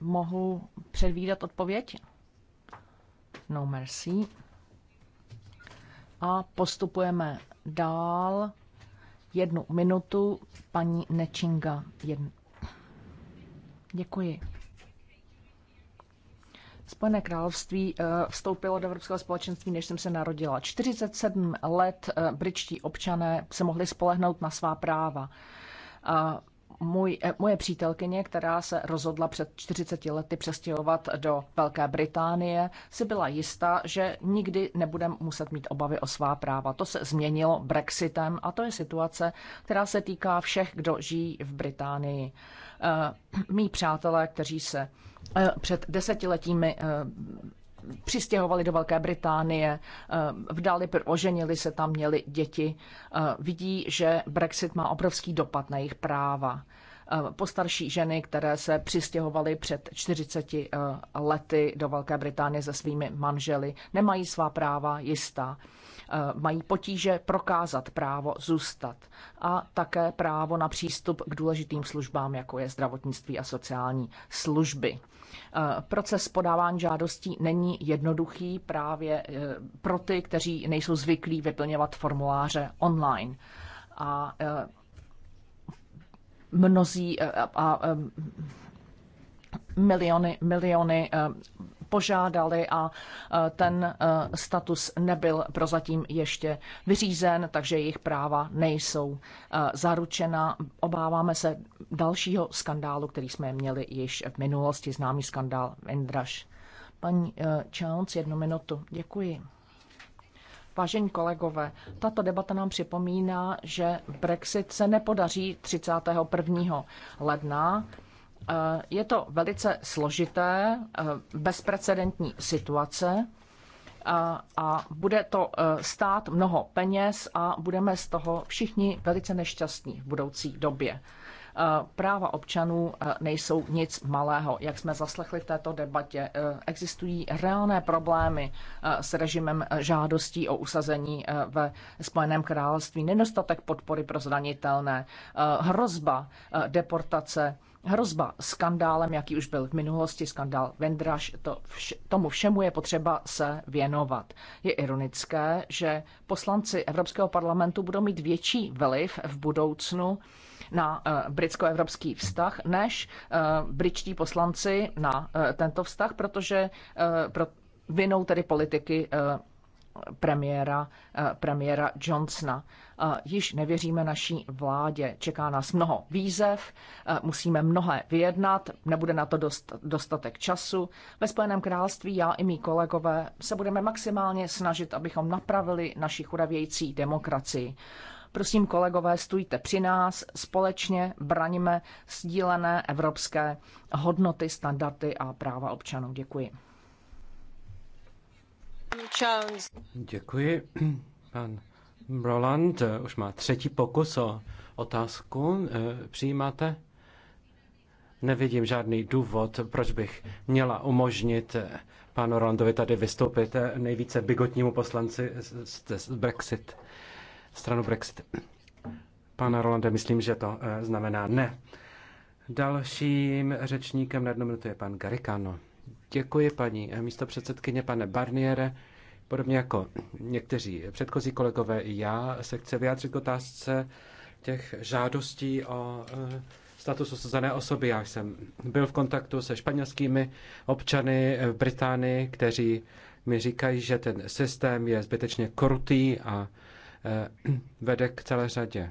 mohu předvídat odpověď? No mercy. A postupujeme dál. Jednu minutu, paní Nečinga. Jedn... Děkuji. Spojené království eh, vstoupilo do Evropského společenství, než jsem se narodila. 47 let eh, britští občané se mohli spolehnout na svá práva. A můj, eh, moje přítelkyně, která se rozhodla před 40 lety přestěhovat do Velké Británie, si byla jistá, že nikdy nebudeme muset mít obavy o svá práva. To se změnilo Brexitem a to je situace, která se týká všech, kdo žijí v Británii. Eh, mý přátelé, kteří se eh, před desetiletími eh, přistěhovali do Velké Británie, vdali, oženili se tam, měli děti, vidí, že Brexit má obrovský dopad na jejich práva. Postarší ženy, které se přistěhovaly před 40 lety do Velké Británie se svými manžely, nemají svá práva jistá. Eh, mají potíže prokázat právo zůstat a také právo na přístup k důležitým službám, jako je zdravotnictví a sociální služby. Eh, proces podávání žádostí není jednoduchý právě eh, pro ty, kteří nejsou zvyklí vyplňovat formuláře online. A mnozí a, a mm, miliony, miliony požádali a e, ten e, status nebyl prozatím ještě vyřízen, takže jejich práva nejsou e, zaručena. Obáváme se dalšího skandálu, který jsme měli již v minulosti, známý skandál Vendraž. Paní Čáunc, jednu minutu. Děkuji. Vážení kolegové, tato debata nám připomíná, že Brexit se nepodaří 31. ledna. Eh, je to velice složité, eh, bezprecedentní situace eh, a bude to stát mnoho peněz a budeme z toho všichni velice nešťastní v budoucí době. Práva občanů nejsou nic malého. Jak jsme zaslechli v této debatě, existují reálné problémy s režimem žádostí o usazení ve Spojeném království, nedostatek podpory pro zranitelné, hrozba deportace Hrozba skandálem, jaký už byl v minulosti, skandál Vendraž, to vš- tomu všemu je potřeba se věnovat. Je ironické, že poslanci Evropského parlamentu budou mít větší vliv v budoucnu na eh, britsko-evropský vztah, než eh, britští poslanci na eh, tento vztah, protože pro vinou tedy politiky premiéra, eh, premiéra Johnsona. Eh, již nevěříme naší vládě. Čeká nás mnoho výzev, eh, musíme mnohé vyjednat, nebude na to dost, dostatek času. Ve Spojeném království já i mý kolegové se budeme maximálně snažit, abychom napravili naši chudavějící demokracii. Prosím, kolegové, stůjte při nás, společně braníme sdílené evropské hodnoty, standardy a práva občanů. Děkuji. Děkuji. Pan Roland už má třetí pokus o otázku. E, přijímáte? Nevidím žádný důvod, proč bych měla umožnit e, panu Rolandovi tady vystoupit e, nejvíce bigotnímu poslanci z Brexit, stranu Brexit. Pana Rolande, myslím, že to znamená ne. Dalším řečníkem na jednu minutu je pan Garikano. Děkuji paní eh, místo předsedkyně, pane Barniere. Podobně jako někteří předchozí kolegové i já se chci vyjádřit k otázce těch žádostí o eh, status osazené osoby. Já jsem byl v kontaktu se španělskými občany v Británii, kteří mi říkají, že ten systém je zbytečně krutý a eh, vede k celé řadě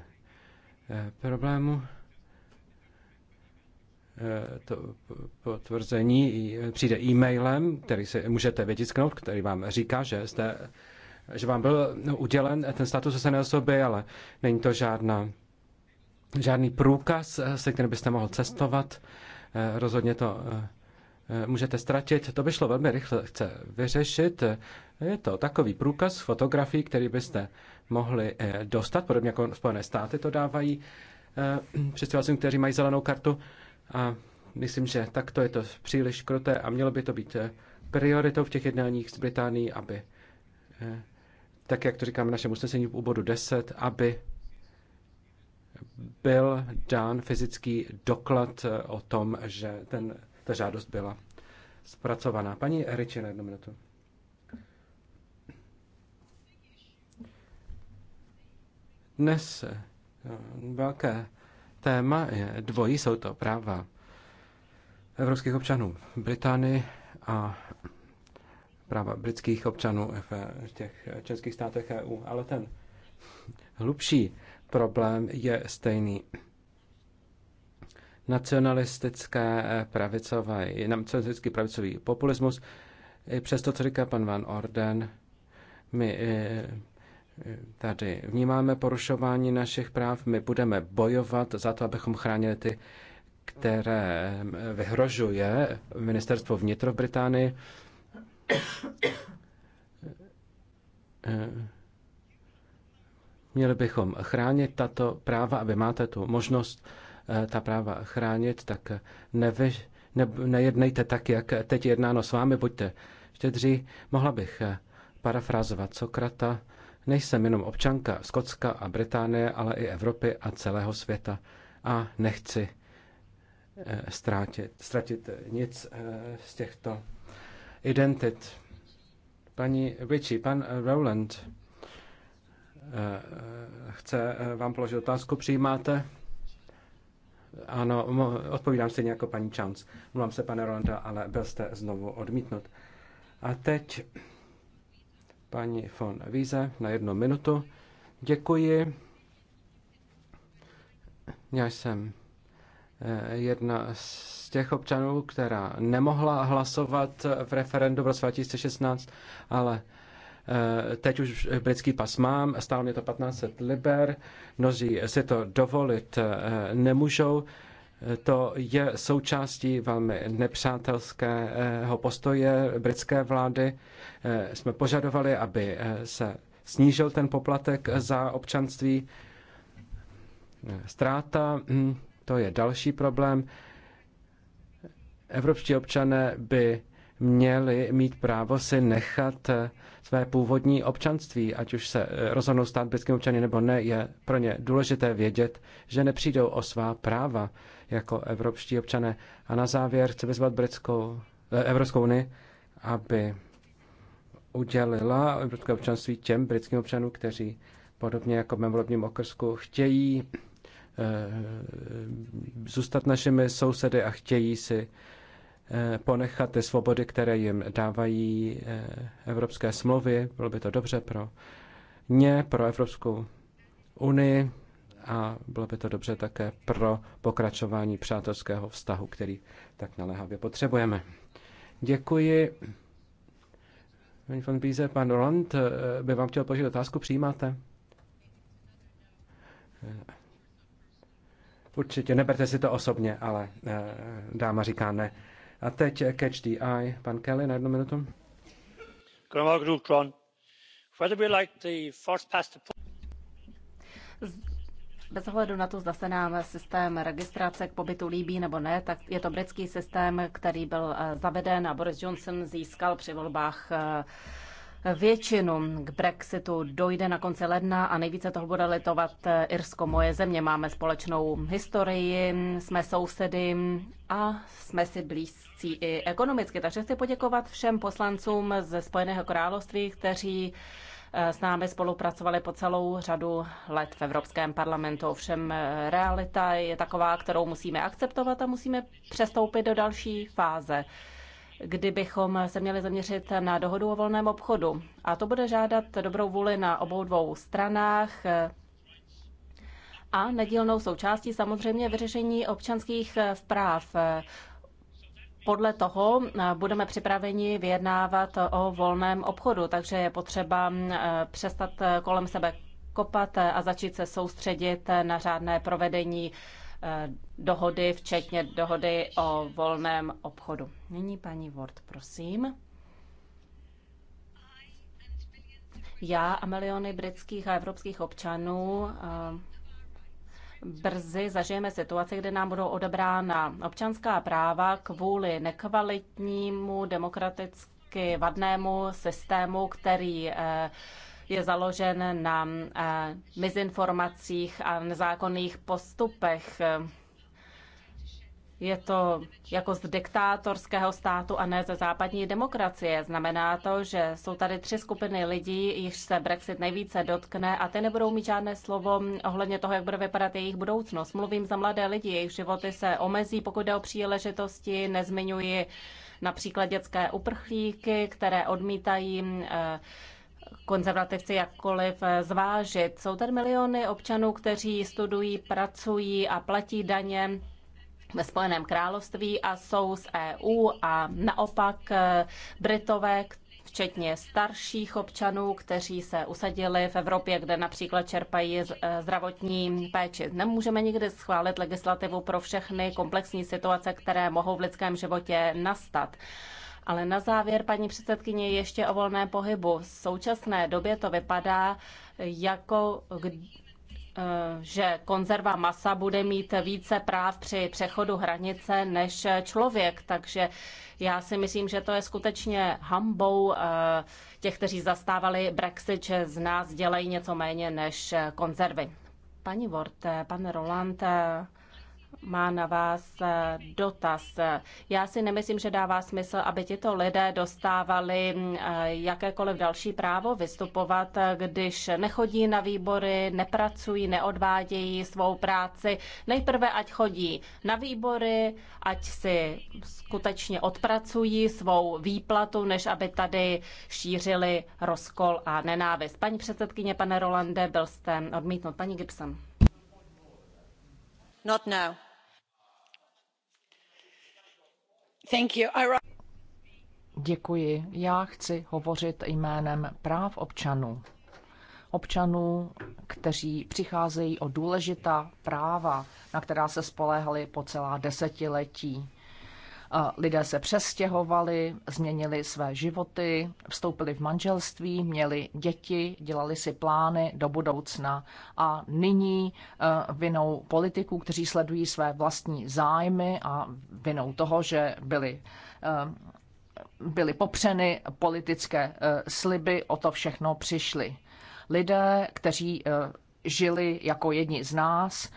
problémů. Eh, to potvrzení eh, přijde e-mailem, který si můžete vytisknout, který vám říká, že, jste, že vám byl no, udělen ten status osané osoby, ale není to žádná, žádný průkaz, eh, se kterým byste mohl cestovat. Rozhodně to můžete ztratit. To by šlo velmi rychle chce vyřešit. Je to takový průkaz fotografií, který byste mohli dostat, podobně jako Spojené státy to dávají přistěhovalcům, kteří mají zelenou kartu. A myslím, že takto je to příliš kruté a mělo by to být eh, prioritou v těch jednáních s Británií, aby, eh, tak jak to říkáme v našem usnesení u bodu 10, aby byl dán fyzický doklad eh, o tom, že ten, ta žádost byla zpracovaná. Paní Eriči, na jednu minutu. Dnes velké téma je dvojí, jsou to práva evropských občanů v Británii a práva britských občanů v těch českých státech EU. Ale ten hlubší problém je stejný. Nacionalistické pravicové, nacionalistický pravicový populismus, přesto, co říká pan Van Orden, my eh, tady vnímáme porušování našich práv, my budeme bojovat za to, abychom chránili ty, které vyhrožuje ministerstvo vnitro v Británii. Měli bychom chránit tato práva, aby máte tu možnost eh, ta práva chránit, tak eh, nevy, ne, nejednejte tak, jak teď jednáno s vámi, buďte štědří. Mohla bych eh, parafrázovat Sokrata, Nejsem jenom občanka Skotska a Británie, ale i Evropy a celého světa a nechci eh, ztratit, ztratit nic eh, z těchto identit. Paní Richie, pan Rowland eh, chce vám položit otázku, přijímáte? Ano, odpovídám stejně jako paní Chance. Mluvám se, pane Rolanda, ale byl jste znovu odmítnut. A teď paní von Víze na jednu minutu. Děkuji. Já jsem eh, jedna z těch občanů, která nemohla hlasovat v referendu v roce 2016, ale eh, teď už britský pas mám, stálo mě to 1500 liber, mnozí si to dovolit eh, nemůžou. To je součástí velmi nepřátelského postoje britské vlády. Eh, jsme požadovali, aby eh, se snížil ten poplatek za občanství. Stráta, eh, hm, to je další problém. Evropští občané by měli mít právo si nechat své původní občanství, ať už se rozhodnou stát britským občany nebo ne, je pro ně důležité vědět, že nepřijdou o svá práva jako evropští občané. A na závěr chci vyzvat Britskou, eh, Evropskou unii, aby udělila evropské občanství těm britským občanům, kteří podobně jako v mém volebním okrsku chtějí eh, zůstat našimi sousedy a chtějí si eh, ponechat ty svobody, které jim dávají evropské smlouvy. Bylo by to dobře pro ně, pro Evropskou unii a bylo by to dobře také pro pokračování přátelského vztahu, který tak naléhavě potřebujeme. Děkuji. Paní von Bíze, pan Roland eh, by vám chtěl položit otázku, přijímáte? Eh, určitě, neberte si to osobně, ale eh, dáma říká ne. A teď catch the eye, pan Kelly na jednu minutu. Whether we like the first past the bez ohledu na to, zda se nám systém registrace k pobytu líbí nebo ne, tak je to britský systém, který byl eh, zaveden a Boris Johnson získal při volbách eh, Většinu k Brexitu dojde na konci ledna a nejvíce toho bude litovat eh, Irsko, moje země. Máme společnou historii, jsme sousedy a jsme si blízcí i ekonomicky. Takže chci poděkovat všem poslancům ze Spojeného království, kteří s námi spolupracovali po celou řadu let v Evropském parlamentu. Ovšem realita je taková, kterou musíme akceptovat a musíme přestoupit do další fáze kdybychom se měli zaměřit na dohodu o volném obchodu. A to bude žádat dobrou vůli na obou dvou stranách, a nedílnou součástí samozřejmě vyřešení občanských práv podle toho eh, budeme připraveni vyjednávat o volném obchodu, takže je potřeba eh, přestat eh, kolem sebe kopat a začít se soustředit na řádné provedení dohody, včetně dohody o volném obchodu. Nyní paní Ward, prosím. Já a miliony britských a evropských občanů brzy zažijeme situaci, kdy nám budou odebrána občanská práva kvůli nekvalitnímu demokraticky vadnému systému, který eh, je založen na eh, mizinformacích a nezákonných postupech. Je to jako z diktátorského státu a ne ze západní demokracie. Znamená to, že jsou tady tři skupiny lidí, jichž se Brexit nejvíce dotkne a ty nebudou mít žádné slovo ohledně toho, jak bude vypadat jejich budoucnost. Mluvím za mladé lidi, jejich životy se omezí, pokud jde o příležitosti, nezmiňuji například dětské uprchlíky, které odmítají eh, konzervativci jakkoliv eh, zvážit. Jsou tady miliony občanů, kteří studují, pracují a platí daně ve Spojeném království a jsou z EU a naopak eh, Britové, včetně starších občanů, kteří se usadili v Evropě, kde například čerpají eh, zdravotní péči. Nemůžeme nikdy schválit legislativu pro všechny komplexní situace, které mohou v lidském životě nastat. Ale na závěr, paní předsedkyně, ještě o volné pohybu. V současné době to vypadá, jako Eh, že konzerva masa bude mít více práv při přechodu hranice než člověk. Takže já si myslím, že to je skutečně hambou eh, těch, kteří zastávali Brexit, že z nás dělají něco méně než konzervy. Paní Vort, pan Roland eh, má na vás eh, dotaz. Já si nemyslím, že dává smysl, aby tito lidé dostávali mm, eh, jakékoliv další právo vystupovat, eh, když nechodí na výbory, nepracují, neodvádějí svou práci. Nejprve, ať chodí na výbory, ať si skutečně odpracují svou výplatu, než aby tady šířili rozkol a nenávist. Paní předsedkyně, pane Rolande, byl jste odmítnut. Paní Gibson. Not now. Děkuji. Já chci hovořit jménem práv občanů. Občanů, kteří přicházejí o důležitá práva, na která se spoléhali po celá desetiletí. Lidé se přestěhovali, změnili své životy, vstoupili v manželství, měli děti, dělali si plány do budoucna. A nyní eh, vinou politiků, kteří sledují své vlastní zájmy a vinou toho, že byli eh, byly popřeny politické eh, sliby, o to všechno přišli. Lidé, kteří žili jako jedni z nás,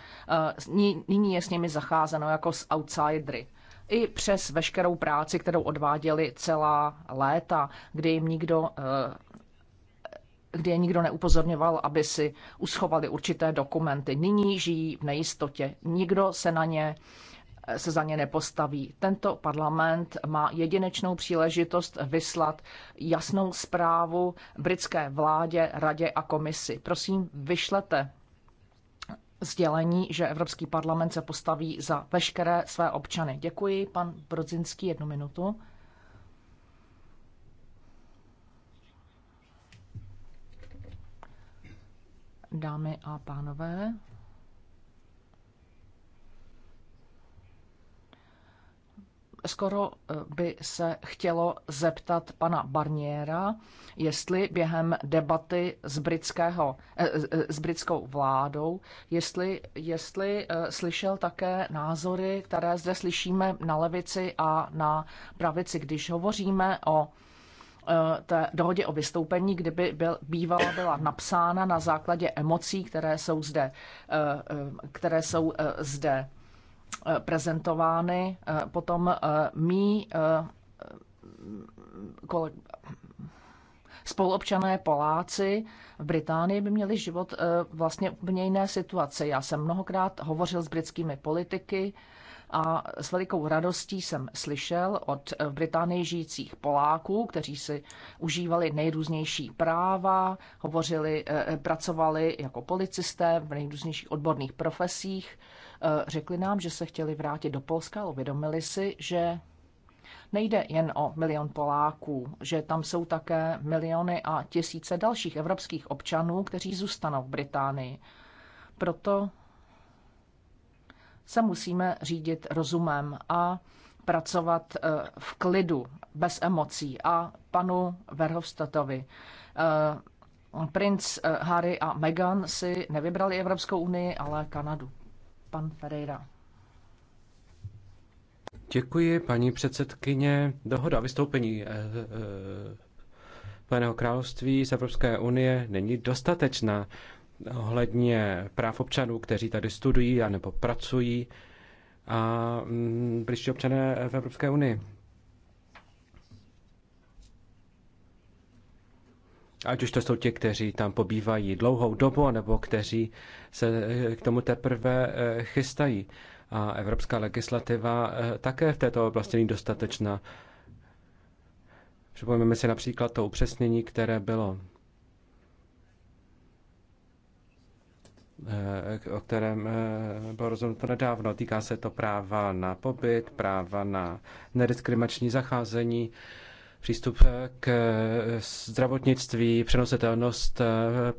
nyní je s nimi zacházeno jako s outsidery i přes veškerou práci, kterou odváděli celá léta, kdy jim nikdo eh, kdy je nikdo neupozorňoval, aby si uschovali určité dokumenty. Nyní žijí v nejistotě. Nikdo se na ně eh, se za ně nepostaví. Tento parlament má jedinečnou příležitost vyslat jasnou zprávu britské vládě, radě a komisi. Prosím, vyšlete sdělení, že Evropský parlament se postaví za veškeré své občany. Děkuji, pan Brodzinský, jednu minutu. Dámy a pánové, skoro eh, by se chtělo zeptat pana Barniera, jestli během debaty s, britského, eh, eh, s britskou vládou, jestli, jestli slyšel také názory, které zde slyšíme na levici a na pravici, když hovoříme o té dohodě o vystoupení, kdyby byl, bývala byla napsána na základě emocí, které jsou zde, které jsou zde Eh, prezentovány. Eh, potom eh, mý spoluobčané Poláci v Británii by měli život vlastně úplně jiné situace. Já jsem mnohokrát hovořil s britskými politiky a s velikou radostí jsem slyšel od v Británii žijících Poláků, kteří si užívali nejrůznější práva, hovořili, pracovali jako policisté v nejrůznějších odborných profesích, Eh, řekli nám, že se chtěli vrátit do Polska, uvědomili si, že nejde jen o milion Poláků, že tam jsou také miliony a tisíce dalších evropských občanů, kteří zůstanou v Británii. Proto se musíme řídit rozumem a pracovat eh, v klidu, bez emocí. A panu Verhofstadtovi. Eh, princ Harry a Meghan si nevybrali Evropskou unii, ale Kanadu pan Ferreira. Děkuji, paní předsedkyně. Dohoda o vystoupení eh, eh, Spojeného království z Evropské unie není dostatečná ohledně práv občanů, kteří tady studují anebo pracují a mm, blížší občané v Evropské unii. ať už to jsou ti, kteří tam pobývají dlouhou dobu, nebo kteří se eh, k tomu teprve eh, chystají. A evropská legislativa eh, také v této oblasti není dostatečná. Připomeneme si například to upřesnění, které bylo o kterém bylo rozhodnuto nedávno. Týká se to práva na pobyt, práva na nediskriminační zacházení, přístup k zdravotnictví, přenositelnost eh,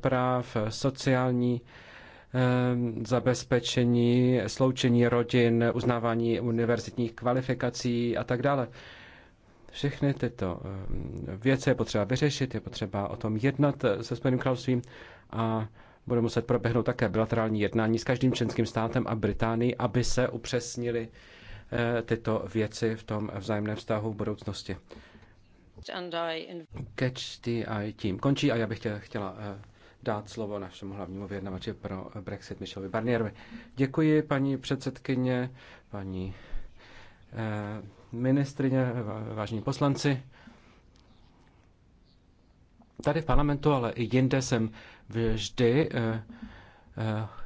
práv, sociální eh, zabezpečení, sloučení rodin, uznávání univerzitních kvalifikací a tak dále. Všechny tyto eh, věci je potřeba vyřešit, je potřeba o tom jednat se Spojeným královstvím a bude muset proběhnout také bilaterální jednání s každým členským státem a Británií, aby se upřesnili tyto věci v tom vzájemném vztahu v budoucnosti. Catch the Eye tím končí a já bych chtěla, chtěla eh, dát slovo našemu hlavnímu vyjednavači pro Brexit Michelovi Barnierovi. Děkuji, paní předsedkyně, paní eh, ministrině, vážení poslanci. Tady v parlamentu, ale i jinde jsem vždy eh,